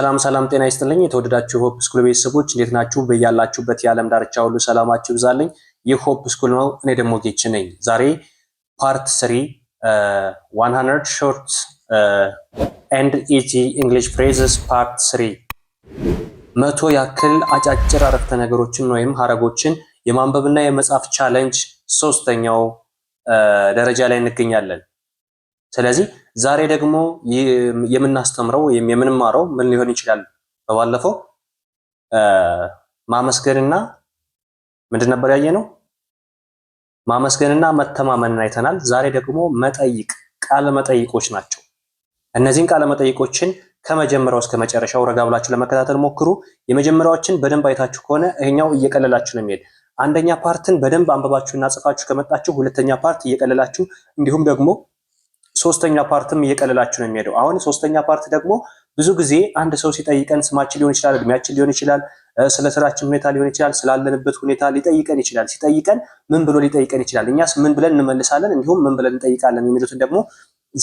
ሰላም ሰላም፣ ጤና ይስጥልኝ የተወደዳችሁ ሆፕ ስኩል ቤተሰቦች እንዴት ናችሁ? በያላችሁበት የዓለም ዳርቻ ሁሉ ሰላማችሁ ይብዛልኝ። ይህ ሆፕ ስኩል ነው። እኔ ደግሞ ጌች ነኝ። ዛሬ ፓርት ስሪ ዋን ሾርት ኤንድ ኢዚ እንግሊሽ ፍሬዝስ ፓርት ስሪ መቶ ያክል አጫጭር አረፍተ ነገሮችን ወይም ሀረጎችን የማንበብና የመጻፍ ቻለንጅ ሶስተኛው ደረጃ ላይ እንገኛለን። ስለዚህ ዛሬ ደግሞ የምናስተምረው ወይም የምንማረው ምን ሊሆን ይችላል? በባለፈው ማመስገንና ምንድን ነበር ያየ ነው? ማመስገንና መተማመንን አይተናል። ዛሬ ደግሞ መጠይቅ ቃለ መጠይቆች ናቸው። እነዚህን ቃለ መጠይቆችን ከመጀመሪያው እስከ መጨረሻው ረጋ ብላችሁ ለመከታተል ሞክሩ። የመጀመሪያዎችን በደንብ አይታችሁ ከሆነ ይሄኛው እየቀለላችሁ ነው የሚሄድ። አንደኛ ፓርትን በደንብ አንብባችሁና ጽፋችሁ ከመጣችሁ ሁለተኛ ፓርት እየቀለላችሁ እንዲሁም ደግሞ ሶስተኛ ፓርትም እየቀለላችሁ ነው የሚሄደው። አሁን ሶስተኛ ፓርት ደግሞ ብዙ ጊዜ አንድ ሰው ሲጠይቀን ስማችን ሊሆን ይችላል፣ እድሜያችን ሊሆን ይችላል፣ ስለ ስራችን ሁኔታ ሊሆን ይችላል፣ ስላለንበት ሁኔታ ሊጠይቀን ይችላል። ሲጠይቀን ምን ብሎ ሊጠይቀን ይችላል? እኛስ ምን ብለን እንመልሳለን? እንዲሁም ምን ብለን እንጠይቃለን? የሚሉትን ደግሞ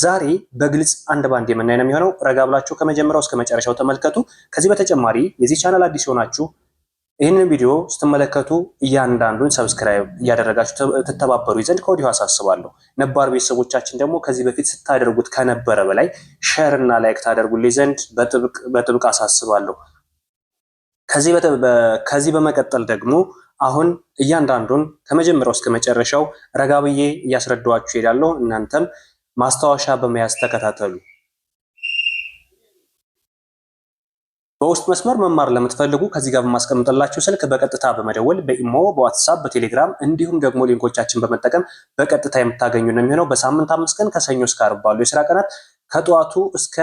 ዛሬ በግልጽ አንድ ባንድ የምናይ ነው የሚሆነው። ረጋ ብላችሁ ከመጀመሪያው እስከ መጨረሻው ተመልከቱ። ከዚህ በተጨማሪ የዚህ ቻናል አዲስ የሆናችሁ ይህንን ቪዲዮ ስትመለከቱ እያንዳንዱን ሰብስክራይብ እያደረጋችሁ ትተባበሩ ዘንድ ከወዲሁ አሳስባለሁ። ነባር ቤተሰቦቻችን ደግሞ ከዚህ በፊት ስታደርጉት ከነበረ በላይ ሸር እና ላይክ ታደርጉልኝ ዘንድ በጥብቅ አሳስባለሁ። ከዚህ በመቀጠል ደግሞ አሁን እያንዳንዱን ከመጀመሪያው እስከ መጨረሻው ረጋ ብዬ እያስረዳዋችሁ እሄዳለሁ። እናንተም ማስታወሻ በመያዝ ተከታተሉ። በውስጥ መስመር መማር ለምትፈልጉ ከዚህ ጋር በማስቀምጥላችሁ ስልክ በቀጥታ በመደወል በኢሞ፣ በዋትሳፕ፣ በቴሌግራም እንዲሁም ደግሞ ሊንኮቻችን በመጠቀም በቀጥታ የምታገኙ ነው የሚሆነው። በሳምንት አምስት ቀን ከሰኞ እስከ ዓርብ ባሉ የስራ ቀናት ከጠዋቱ እስከ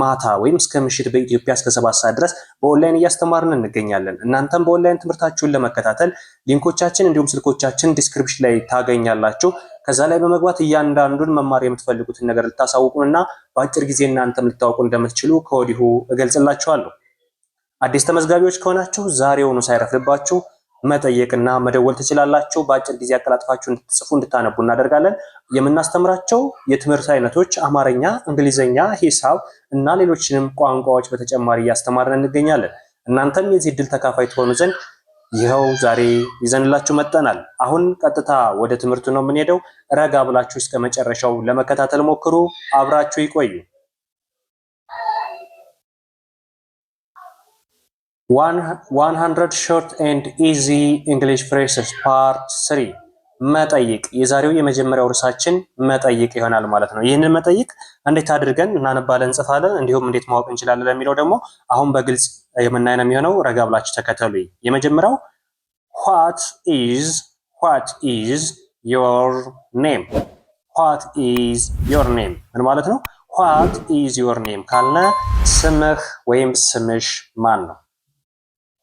ማታ ወይም እስከ ምሽት በኢትዮጵያ እስከ ሰባት ሰዓት ድረስ በኦንላይን እያስተማርን እንገኛለን። እናንተም በኦንላይን ትምህርታችሁን ለመከታተል ሊንኮቻችን እንዲሁም ስልኮቻችን ዲስክሪፕሽን ላይ ታገኛላችሁ። ከዛ ላይ በመግባት እያንዳንዱን መማር የምትፈልጉትን ነገር ልታሳውቁን እና በአጭር ጊዜ እናንተም ልታውቁ እንደምትችሉ ከወዲሁ እገልጽላችኋለሁ። አዲስ ተመዝጋቢዎች ከሆናችሁ ዛሬውኑ ሳይረፍድባችሁ መጠየቅና መደወል ትችላላችሁ። በአጭር ጊዜ አቀላጥፋችሁ እንድትጽፉ እንድታነቡ እናደርጋለን። የምናስተምራቸው የትምህርት አይነቶች አማርኛ፣ እንግሊዝኛ፣ ሂሳብ እና ሌሎችንም ቋንቋዎች በተጨማሪ እያስተማርን እንገኛለን። እናንተም የዚህ ድል ተካፋይ ትሆኑ ዘንድ ይኸው ዛሬ ይዘንላችሁ መጠናል። አሁን ቀጥታ ወደ ትምህርቱ ነው የምንሄደው። ረጋ ብላችሁ እስከ መጨረሻው ለመከታተል ሞክሩ። አብራችሁ ይቆዩ። 100 short and easy English phrases part 3 መጠይቅ የዛሬው የመጀመሪያው ርዕሳችን መጠይቅ ይሆናል ማለት ነው። ይህንን መጠይቅ እንዴት አድርገን እናነባለን፣ እንጽፋለን፣ እንዲሁም እንዴት ማወቅ እንችላለን ለሚለው ደግሞ አሁን በግልጽ የምናይ ነው የሚሆነው። ረጋ ብላችሁ ተከተሉ። የመጀመሪያው what is what is your name what is your name ምን ማለት ነው? what is your name ካልነ ስምህ ወይም ስምሽ ማን ነው?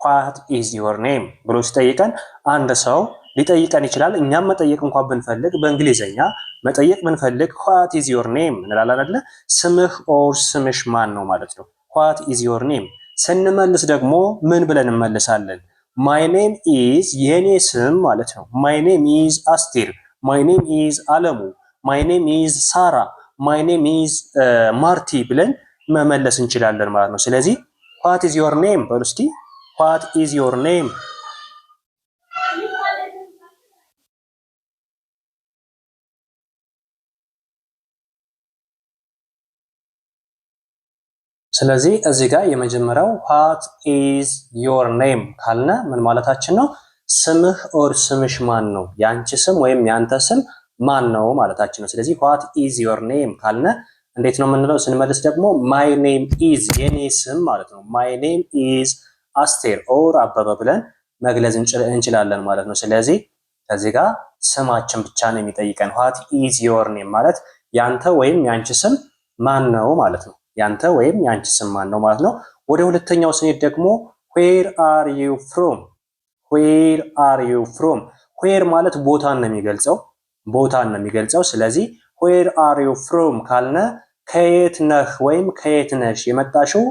ዋት ኢዝ ዮር ኔም ብሎ ሲጠይቀን አንድ ሰው ሊጠይቀን ይችላል። እኛም መጠየቅ እንኳን ብንፈልግ በእንግሊዘኛ መጠየቅ ብንፈልግ ዋት ኢዝ ዮር ኔም እንላለን አይደለ? ስምህ ኦር ስምሽ ማን ነው ማለት ነው። ዋት ኢዝ ዮር ኔም ስንመልስ ደግሞ ምን ብለን እንመልሳለን? ማይ ኔም ኢዝ የኔ ስም ማለት ነው። ማይ ኔም ኢዝ አስቴር፣ ማይ ኔም ኢዝ አለሙ፣ ማይ ኔም ኢዝ ሳራ፣ ማይ ኔም ኢዝ ማርቲ ብለን መመለስ እንችላለን ማለት ነው። ስለዚህ ዋት ኢዝ ዮር ኔም በሉ እስኪ ዋት ኢዝ ዮር ኔም? ስለዚህ እዚህ ጋር የመጀመሪያው ዋት ኢዝ ዮር ኔም ካልነ ምን ማለታችን ነው? ስምህ ኦር ስምሽ ማን ነው? የአንቺ ስም ወይም የአንተ ስም ማን ነው ማለታችን ነው። ስለዚህ ዋት ኢዝ ዮር ኔም ካልነ እንዴት ነው የምንለው? ስንመልስ ደግሞ ማይ ኔም ኢዝ የኔ ስም ማለት ነው። ማይ ኔም ኢዝ አስቴር ኦር አበበ ብለን መግለጽ እንችላለን ማለት ነው። ስለዚህ ከዚህ ጋር ስማችን ብቻ ነው የሚጠይቀን። ዋት ኢዝ ዮር ኔም ማለት ያንተ ወይም ያንቺ ስም ማን ነው ማለት ነው። ያንተ ወይም ያንቺ ስም ማን ነው ማለት ነው። ወደ ሁለተኛው ስንሄድ ደግሞ ዌር አር ዩ ፍሮም፣ ዌር አር ዩ ፍሮም። ዌር ማለት ቦታን ነው የሚገልጸው፣ ቦታን ነው የሚገልጸው። ስለዚህ ዌር አር ዩ ፍሮም ካልነ ከየት ነህ ወይም ከየት ነሽ፣ የመጣሽው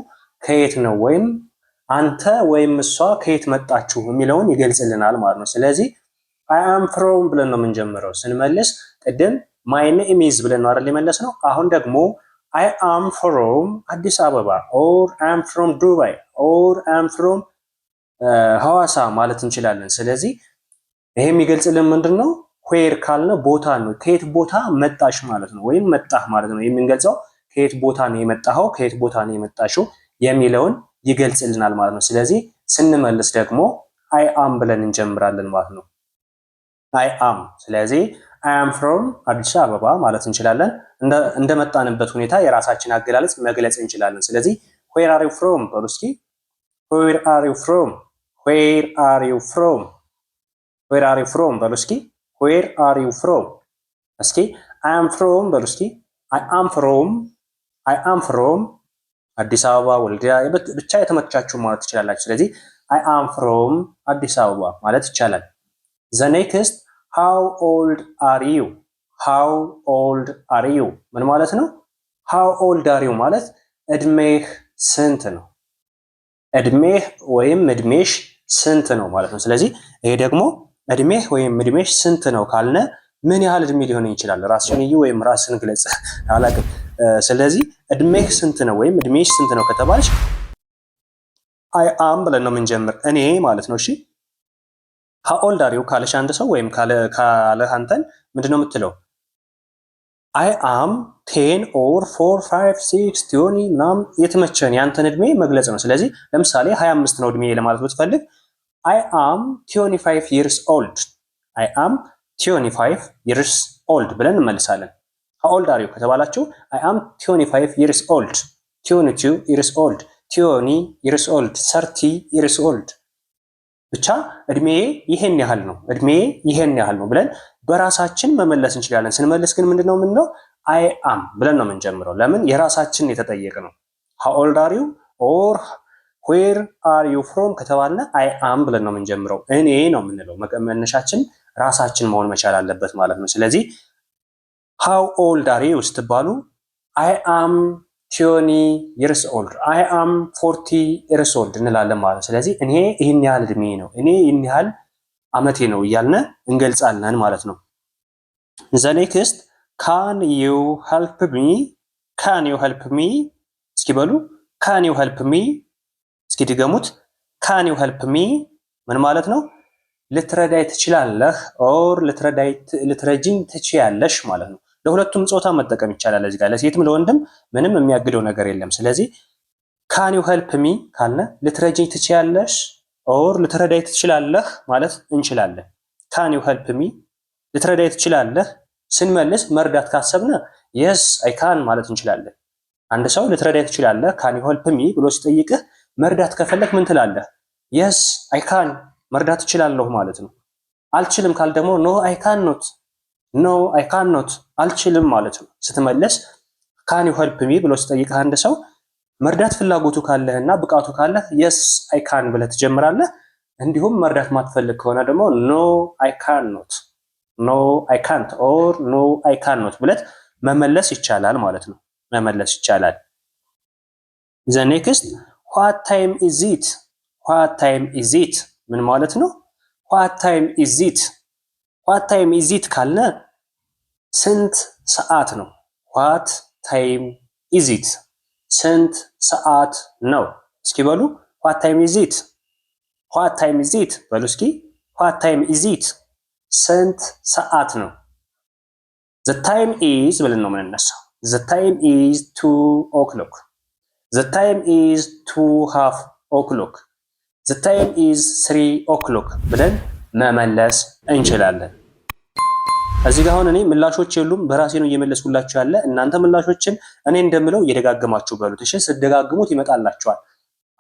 ከየት ነው ወይም አንተ ወይም እሷ ከየት መጣችሁ የሚለውን ይገልጽልናል ማለት ነው። ስለዚህ አይ አም ፍሮም ብለን ነው የምንጀምረው። ስንመልስ ቅድም ማይ ኔም ኢዝ ብለን ነው አይደል የመለስ ነው። አሁን ደግሞ አይ አም ፍሮም አዲስ አበባ ኦር አም ፍሮም ዱባይ ኦር አም ፍሮም ሐዋሳ ማለት እንችላለን። ስለዚህ ይሄ የሚገልጽልን ምንድን ነው? ዌር ካልነ ቦታ ነው። ከየት ቦታ መጣሽ ማለት ነው፣ ወይም መጣህ ማለት ነው። የምንገልጸው ከየት ቦታ ነው የመጣኸው፣ ከየት ቦታ ነው የመጣሽው የሚለውን ይገልጽልናል ማለት ነው። ስለዚህ ስንመልስ ደግሞ አይ አም ብለን እንጀምራለን ማለት ነው። አይ አም ስለዚህ አይ አም ፍሮም አዲስ አበባ ማለት እንችላለን። እንደመጣንበት ሁኔታ የራሳችን አገላለጽ መግለጽ እንችላለን። ስለዚህ ዌር አር ዩ ፍሮም በሉ እስኪ። ዌር አር ዩ ፍሮም፣ ዌር አር ዩ ፍሮም፣ ዌር አር ዩ ፍሮም በሉ እስኪ። ዌር አር ዩ ፍሮም እስኪ። አይ አም ፍሮም በሉ እስኪ። አይ አም ፍሮም፣ አይ አም ፍሮም አዲስ አበባ፣ ወልዲያ ብቻ የተመቻችሁ ማለት ትችላላችሁ። ስለዚህ አይ አም ፍሮም አዲስ አበባ ማለት ይቻላል። ዘ ኔክስት ሃው ኦልድ አር ዩ ሃው ኦልድ አር ዩ ምን ማለት ነው? ሃው ኦልድ አር ዩ ማለት እድሜህ ስንት ነው? እድሜህ ወይም እድሜሽ ስንት ነው ማለት ነው። ስለዚህ ይሄ ደግሞ እድሜህ ወይም እድሜሽ ስንት ነው ካልነ ምን ያህል እድሜ ሊሆን ይችላል? ራስሽን እዩ ወይም ራስን ግለጽ አላውቅም። ስለዚህ እድሜህ ስንት ነው ወይም እድሜሽ ስንት ነው ከተባልሽ አይ አም ብለን ነው የምንጀምር፣ እኔ ማለት ነው። እሺ ሀኦልድ አሪው ካለሽ አንድ ሰው ወይም ካለህ አንተን ምንድን ነው የምትለው? አይ አም ቴን ኦር ፎር ፋይቭ ሲክስ ቲዮኒ ምናምን የተመቸን የአንተን እድሜ መግለጽ ነው። ስለዚህ ለምሳሌ ሀያ አምስት ነው እድሜ ለማለት ብትፈልግ አይ አም ቲዮኒ ፋይቭ ይርስ ኦልድ፣ አይ አም ቲዮኒ ፋይቭ ይርስ ኦልድ ብለን እንመልሳለን። ሃው ኦልድ አር ዩ ከተባላችሁ አይ አም ቲዮኒ ፋይቭ ይርስ ኦልድ፣ ቲዮኒ ቱ ይርስ ኦልድ፣ ቲዮኒ ይርስ ኦልድ፣ ሰርቲ ይርስ ኦልድ። ብቻ እድሜዬ ይሄን ያህል ነው፣ እድሜዬ ይሄን ያህል ነው ብለን በራሳችን መመለስ እንችላለን። ስንመለስ ግን ምንድነው የምንለው? አይ አም ብለን ነው የምንጀምረው። ለምን የራሳችን የተጠየቅ ነው። ሃው ኦልድ አር ዩ ኦር ዌር አር ዩ ፍሮም ከተባለ አይ አም ብለን ነው የምንጀምረው። እኔ ነው የምንለው። መነሻችን ራሳችን መሆን መቻል አለበት ማለት ነው። ስለዚህ ሃው ኦልድ አር ዩ ስትባሉ አይ አም ቲዮኒ የርስ ኦልድ አይ አም ፎርቲ የርስ ኦልድ እንላለን ማለት ነው። ስለዚህ እኔ ይህን ያህል እድሜ ነው፣ እኔ ይህን ያህል አመቴ ነው እያልነ እንገልጻለን ማለት ነው። ዘ ኔክስት ካን ዩ ሄልፕ ሚ፣ ካን ዩ ሄልፕ ሚ እስኪ በሉ። ካን ዩ ሄልፕ ሚ እስኪ ድገሙት። ካን ዩ ሄልፕ ሚ ምን ማለት ነው? ልትረዳይ ትችላለህ ኦር ልትረዳኝ ትችያለሽ ማለት ነው። ለሁለቱም ጾታ መጠቀም ይቻላል። እዚህ ጋር ለሴትም ለወንድም ምንም የሚያግደው ነገር የለም። ስለዚህ ካን ዩ ሄልፕ ሚ ካልነ ልትረጂኝ ትችያለሽ ኦር ልትረዳይ ትችላለህ ማለት እንችላለን። ካን ዩ ሄልፕ ሚ ልትረዳይ ትችላለህ ስንመልስ መርዳት ካሰብነ የስ አይ ካን ማለት እንችላለን። አንድ ሰው ልትረዳይ ትችላለህ ካን ዩ ሄልፕ ሚ ብሎ ሲጠይቅህ መርዳት ከፈለክ ምን ትላለህ? የስ አይ ካን መርዳት እችላለሁ ማለት ነው። አልችልም ካል ደግሞ ኖ አይ ካን ኖት ኖ አይ ካን ኖት አልችልም ማለት ነው። ስትመለስ ካን ዩ ሄልፕ ሚ ብሎ ስጠይቅህ አንድ ሰው መርዳት ፍላጎቱ ካለህና ብቃቱ ካለህ የስ አይ ካን ብለህ ትጀምራለህ። እንዲሁም መርዳት ማትፈልግ ከሆነ ደግሞ ኖ አይ ካን ኖት፣ ኖ አይ ካንት ኦር ኖ አይ ካን ኖት ብለት መመለስ ይቻላል ማለት ነው። መመለስ ይቻላል። ዘ ኔክስት ዋት ታይም ኢዝ ኢት፣ ዋት ታይም ኢዝ ኢት ምን ማለት ነው? ዋት ታይም ኢዝ ኢት ዋት ታይም ኢዚት ካልነ ስንት ሰዓት ነው? ዋት ታይም ኢዚት ስንት ሰዓት ነው? እስኪ በሉ ዋት ታይም ኢዚት ዋት ታይም ኢዚት በሉ እስኪ ዋት ታይም ኢዚት ስንት ሰዓት ነው? ዘ ታይም ኢዝ ብለን ነው የምንነሳው። ዘ ታይም ኢዝ ቱ ኦክሎክ ዘ ታይም ኢዝ ቱ ሃፍ ኦክሎክ ዘ ታይም ኢዝ ስሪ ኦክሎክ ብለን መመለስ እንችላለን። እዚህ ጋር አሁን እኔ ምላሾች የሉም በራሴ ነው እየመለስኩላችሁ ያለ። እናንተ ምላሾችን እኔ እንደምለው እየደጋገማችሁ በሉት። እሺ፣ ስደጋግሙት ይመጣላችኋል።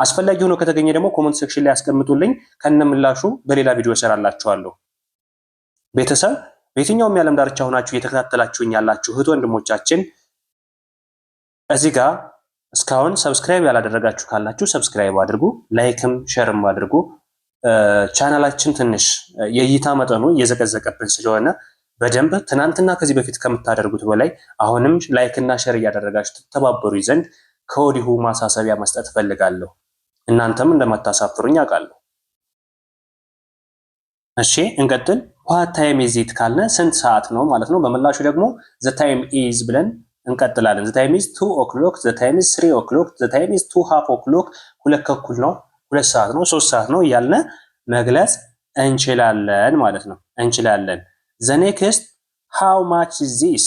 አስፈላጊ ሆኖ ከተገኘ ደግሞ ኮመንት ሴክሽን ላይ ያስቀምጡልኝ። ከነ ምላሹ በሌላ ቪዲዮ እሰራላችኋለሁ። ቤተሰብ በየትኛውም የዓለም ዳርቻ ሆናችሁ እየተከታተላችሁኝ ያላችሁ እህት ወንድሞቻችን እዚህ ጋር እስካሁን ሰብስክራይብ ያላደረጋችሁ ካላችሁ ሰብስክራይብ አድርጉ። ላይክም ሸርም አድርጉ። ቻናላችን ትንሽ የእይታ መጠኑ እየዘቀዘቀብን ስለሆነ በደንብ ትናንትና ከዚህ በፊት ከምታደርጉት በላይ አሁንም ላይክ እና ሸር እያደረጋችሁ ትተባበሩ ዘንድ ከወዲሁ ማሳሰቢያ መስጠት እፈልጋለሁ። እናንተም እንደማታሳፍሩኝ አውቃለሁ። እሺ እንቀጥል። ዋት ታይም ኢዝ ኢት ካልነ ስንት ሰዓት ነው ማለት ነው። በምላሹ ደግሞ ዘ ታይም ኢዝ ብለን እንቀጥላለን። ዘ ታይም ኢዝ ቱ ኦክሎክ፣ ዘ ታይም ኢዝ ስሪ ኦክሎክ፣ ዘ ታይም ኢዝ ቱ ሃፍ ኦክሎክ። ሁለት ከኩል ነው ሁለት ሰዓት ነው፣ ሶስት ሰዓት ነው እያልን መግለጽ እንችላለን ማለት ነው። እንችላለን። ዘ ኔክስት ሃው ማች ዚስ፣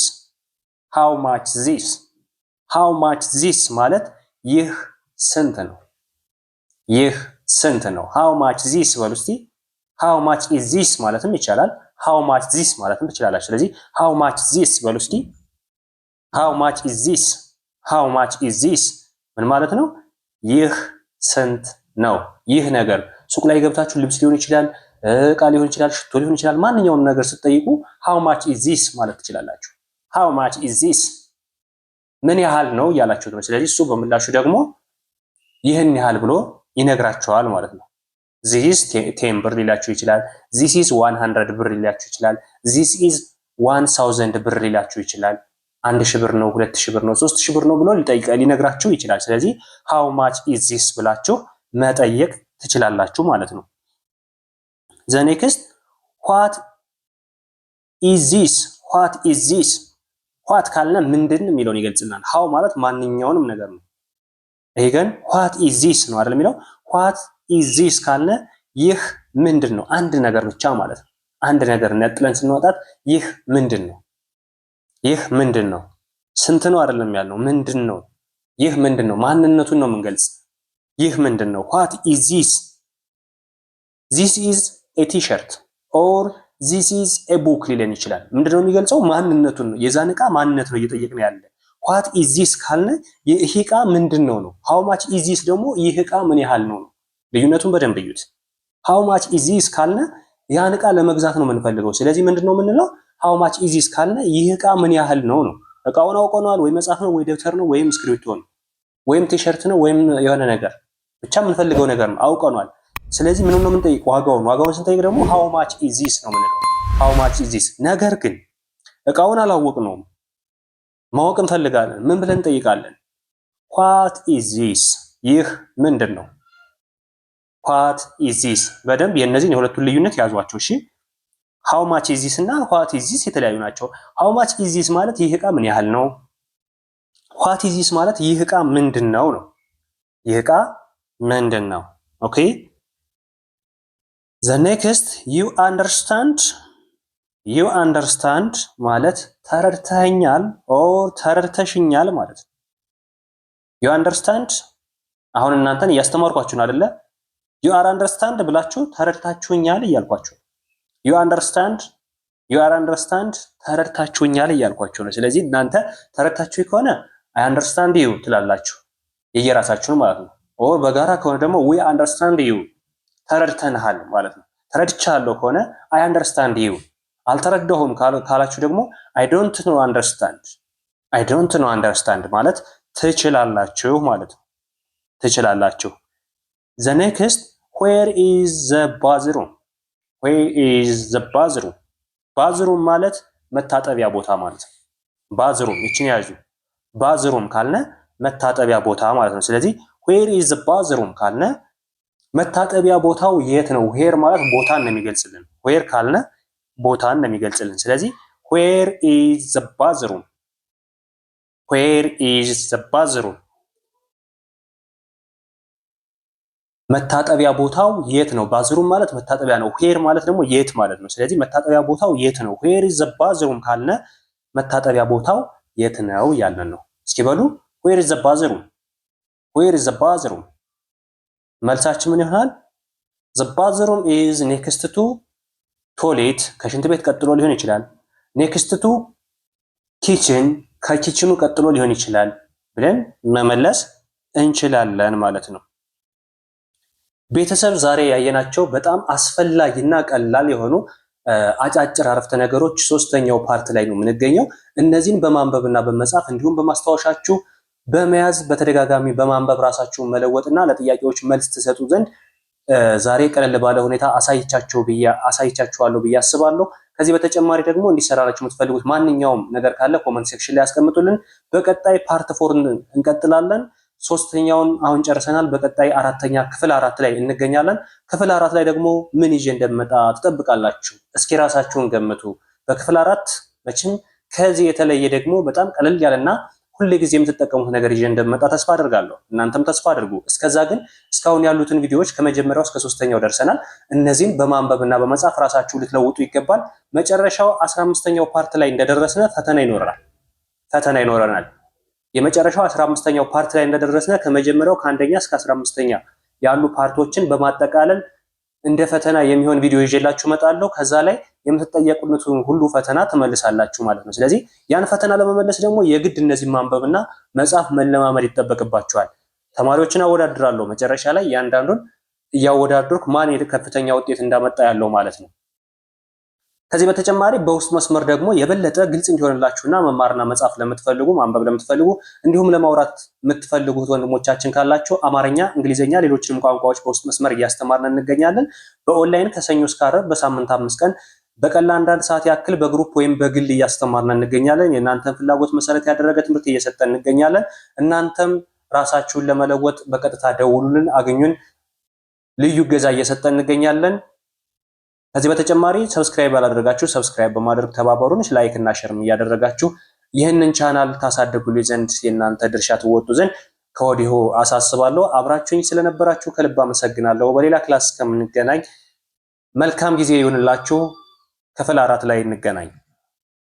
ሃው ማች ዚስ፣ ሃው ማች ዚስ ማለት ይህ ስንት ነው? ይህ ስንት ነው? ሃው ማች ዚስ በሉ እስቲ። ሃው ማች ዚስ ማለትም ይቻላል። ሃው ማች ዚስ ማለትም ትችላላችሁ። ስለዚህ ሃው ማች ዚስ በሉ እስቲ። ሃው ማች ዚስ፣ ሃው ማች ዚስ ምን ማለት ነው? ይህ ስንት ነው ይህ ነገር። ሱቅ ላይ ገብታችሁ ልብስ ሊሆን ይችላል፣ እቃ ሊሆን ይችላል፣ ሽቶ ሊሆን ይችላል። ማንኛውም ነገር ስትጠይቁ ሃው ማች ኢዝ ማለት ትችላላችሁ። ሃው ማች ኢዝ ምን ያህል ነው እያላችሁት ነው። ስለዚህ እሱ በምላሹ ደግሞ ይህን ያህል ብሎ ይነግራቸዋል ማለት ነው። ዚስ ቴን ብር ሊላችሁ ይችላል። ዚስ ኢዝ ዋን ሀንድረድ ብር ሊላችሁ ይችላል። ዚስ ኢዝ ዋን ሳውዘንድ ብር ሊላችሁ ይችላል። አንድ ሺህ ብር ነው፣ ሁለት ሺህ ብር ነው፣ ሶስት ሺህ ብር ነው ብሎ ሊጠይቀ ሊነግራችሁ ይችላል። ስለዚህ ሃው ማች ኢዝ ዚስ ብላችሁ መጠየቅ ትችላላችሁ ማለት ነው። ኔክስት ዋት ኢዝ ዚስ ዋት ኢዝ ዚስ ዋት ካልነ ምንድን የሚለውን ይገልጽልናል። ሀው ማለት ማንኛውንም ነገር ነው። ይሄ ግን ዋት ኢዝ ዚስ ነው አይደል የሚለው። ዋት ኢዝ ዚስ ካልነ ይህ ምንድን ነው፣ አንድ ነገር ብቻ ማለት ነው። አንድ ነገር ነጥለን ስንወጣት ይህ ምንድን ነው፣ ይህ ምንድን ነው፣ ስንት ነው አይደለም ያልነው፣ ምንድን ነው፣ ይህ ምንድን ነው፣ ማንነቱን ነው የምንገልጽ ይህ ምንድን ነው? ዋት ኢዝ ዚስ? ዚስ ኢዝ ኤ ቲሸርት ኦር ዚስ ኢዝ ኤ ቡክ ሊለን ይችላል። ምንድን ነው የሚገልጸው? ማንነቱን ነው። የዛን ዕቃ ማንነት ነው እየጠየቅን ያለ። ዋት ኢዝ ዚስ ካልነ ይህ ዕቃ ምንድን ነው ነው። ሃው ማች ኢዝ ዚስ ደግሞ ይህ ዕቃ ምን ያህል ነው ነው። ልዩነቱን በደንብ እዩት። ሃው ማች ኢዝ ዚስ ካልነ ያን ዕቃ ለመግዛት ነው የምንፈልገው። ስለዚህ ምንድን ነው የምንለው? ሃው ማች ኢዝ ዚስ ካልነ ይህ ዕቃ ምን ያህል ነው ነው። ዕቃውን አውቀነዋል ወይ መጽሐፍ ነው ወይ ደብተር ነው ወይም እስክሪብቶ ነው። ወይም ቲሸርት ነው ወይም የሆነ ነገር ብቻ የምንፈልገው ነገር ነው አውቀኗል። ስለዚህ ምንም ነው የምንጠይቅ ዋጋውን። ዋጋውን ስንጠይቅ ደግሞ ሃው ማች ኢዚስ ነው ምንለው ሃው ማች ኢዚስ። ነገር ግን እቃውን አላወቅነውም፣ ማወቅ እንፈልጋለን። ምን ብለን እንጠይቃለን? ኳት ኢዚስ፣ ይህ ምንድን ነው? ኳት ኢዚስ። በደንብ የእነዚህን የሁለቱን ልዩነት ያዟቸው። እሺ ሃው ማች ኢዚስ እና ኳት ኢዚስ የተለያዩ ናቸው። ሃው ማች ኢዚስ ማለት ይህ እቃ ምን ያህል ነው ዋት ማለት ይህ ዕቃ ምንድን ነው ነው። ይህ ዕቃ ምንድን ነው? ኦኬ ዘ ኔክስት ዩ አንደርስታንድ ዩ አንደርስታንድ ማለት ተረድተኛል ኦር ተረድተሽኛል ማለት ነው። ዩ አንደርስታንድ አሁን እናንተን እያስተማርኳችሁን አይደለ? ዩ አር አንደርስታንድ ብላችሁ ተረድታችሁኛል እያልኳችሁ ዩ አንደርስታንድ ዩ አር አንደርስታንድ ተረድታችሁኛል እያልኳችሁ ነው። ስለዚህ እናንተ ተረድታችሁ ከሆነ አይ አንደርስታንድ ዩ ትላላችሁ፣ የየራሳችሁን ማለት ነው። ኦ በጋራ ከሆነ ደግሞ ዊ አንደርስታንድ ዩ ተረድተንሃል ማለት ነው። ተረድቻለሁ ከሆነ አይ አንደርስታንድ ዩ። አልተረዳሁም ካላችሁ ደግሞ አይ ዶንት ኖ አንደርስታንድ። አይ ዶንት ኖ አንደርስታንድ ማለት ትችላላችሁ ማለት ነው። ትችላላችሁ። ዘ ኔክስት ዌር ኢዝ ዘ ባዝሩም። ዌር ኢዝ ዘ ባዝሩም። ባዝሩም ማለት መታጠቢያ ቦታ ማለት ነው። ባዝሩም ይችን ያዙ። ባዝሩም ካልነ መታጠቢያ ቦታ ማለት ነው። ስለዚህ ዌር ኢዝ ባዝሩም ካልነ መታጠቢያ ቦታው የት ነው? ዌር ማለት ቦታን ነው የሚገልጽልን። ዌር ካልነ ቦታን ነው የሚገልጽልን። ስለዚህ ዌር ኢዝ ባዝሩም፣ ዌር ኢዝ ባዝሩም። መታጠቢያ ቦታው የት ነው? ባዝሩም ማለት መታጠቢያ ነው። ዌር ማለት ደግሞ የት ማለት ነው። ስለዚህ መታጠቢያ ቦታው የት ነው? ዌር ኢዝ ዘ ባዝሩም ካልነ መታጠቢያ ቦታው የት ነው ያለን ነው። እስኪ በሉ ዌር ኢዝ ዘ ባዝሩም፣ ዌር ዘ ባዝሩም። መልሳችን ምን ይሆናል? ዘ ባዝሩም ኢዝ ኔክስት ቱ ቶሌት፣ ከሽንት ቤት ቀጥሎ ሊሆን ይችላል። ኔክስት ቱ ኪችን፣ ከኪችኑ ቀጥሎ ሊሆን ይችላል ብለን መመለስ እንችላለን ማለት ነው። ቤተሰብ ዛሬ ያየናቸው በጣም አስፈላጊና ቀላል የሆኑ አጫጭር አረፍተ ነገሮች ሶስተኛው ፓርት ላይ ነው የምንገኘው። እነዚህን በማንበብና በመጻፍ እንዲሁም በማስታወሻችሁ በመያዝ በተደጋጋሚ በማንበብ ራሳችሁን መለወጥና ለጥያቄዎች መልስ ትሰጡ ዘንድ ዛሬ ቀለል ባለ ሁኔታ አሳይቻቸው አሳይቻችኋለሁ ብዬ አስባለሁ። ከዚህ በተጨማሪ ደግሞ እንዲሰራላችሁ የምትፈልጉት ማንኛውም ነገር ካለ ኮመንት ሴክሽን ላይ ያስቀምጡልን። በቀጣይ ፓርት ፎርን እንቀጥላለን። ሶስተኛውን አሁን ጨርሰናል። በቀጣይ አራተኛ ክፍል አራት ላይ እንገኛለን። ክፍል አራት ላይ ደግሞ ምን ይዤ እንደመጣ ትጠብቃላችሁ። እስኪ ራሳችሁን ገምቱ። በክፍል አራት መቼም ከዚህ የተለየ ደግሞ በጣም ቀለል ያለና ሁሌ ጊዜ የምትጠቀሙት ነገር ይዤ እንደመጣ ተስፋ አድርጋለሁ። እናንተም ተስፋ አድርጉ። እስከዛ ግን እስካሁን ያሉትን ቪዲዮዎች ከመጀመሪያው እስከ ሶስተኛው ደርሰናል። እነዚህን በማንበብና በመጻፍ ራሳችሁ ልትለውጡ ይገባል። መጨረሻው አስራ አምስተኛው ፓርት ላይ እንደደረስነ ፈተና ይኖረናል ፈተና ይኖረናል። የመጨረሻው 15ኛው ፓርት ላይ እንደደረስነ ከመጀመሪያው ከአንደኛ እስከ 15ኛ ያሉ ፓርቶችን በማጠቃለል እንደ ፈተና የሚሆን ቪዲዮ ይዤላችሁ እመጣለሁ። ከዛ ላይ የምትጠየቁትን ሁሉ ፈተና ትመልሳላችሁ ማለት ነው። ስለዚህ ያን ፈተና ለመመለስ ደግሞ የግድ እነዚህ ማንበብና መጻፍ መለማመድ ይጠበቅባችኋል። ተማሪዎችን አወዳድራለሁ። መጨረሻ ላይ ያንዳንዱን እያወዳደርኩ ማን ከፍተኛ ውጤት እንዳመጣ ያለው ማለት ነው። ከዚህ በተጨማሪ በውስጥ መስመር ደግሞ የበለጠ ግልጽ እንዲሆንላችሁና መማርና መጻፍ ለምትፈልጉ ማንበብ ለምትፈልጉ እንዲሁም ለማውራት የምትፈልጉት ወንድሞቻችን ካላችሁ አማርኛ፣ እንግሊዝኛ፣ ሌሎችንም ቋንቋዎች በውስጥ መስመር እያስተማርን እንገኛለን። በኦንላይን ከሰኞ እስከ ዓርብ በሳምንት አምስት ቀን በቀላ አንዳንድ ሰዓት ያክል በግሩፕ ወይም በግል እያስተማርን እንገኛለን። የእናንተን ፍላጎት መሰረት ያደረገ ትምህርት እየሰጠን እንገኛለን። እናንተም ራሳችሁን ለመለወጥ በቀጥታ ደውሉልን፣ አግኙን። ልዩ እገዛ እየሰጠን እንገኛለን። ከዚህ በተጨማሪ ሰብስክራይብ ያላደረጋችሁ ሰብስክራይብ በማድረግ ተባበሩን። ላይክ እና ሸርም እያደረጋችሁ ይህንን ቻናል ታሳድጉልኝ ዘንድ የእናንተ ድርሻ ትወጡ ዘንድ ከወዲሁ አሳስባለሁ። አብራችሁኝ ስለነበራችሁ ከልብ አመሰግናለሁ። በሌላ ክላስ እስከምንገናኝ መልካም ጊዜ ይሁንላችሁ። ክፍል አራት ላይ እንገናኝ።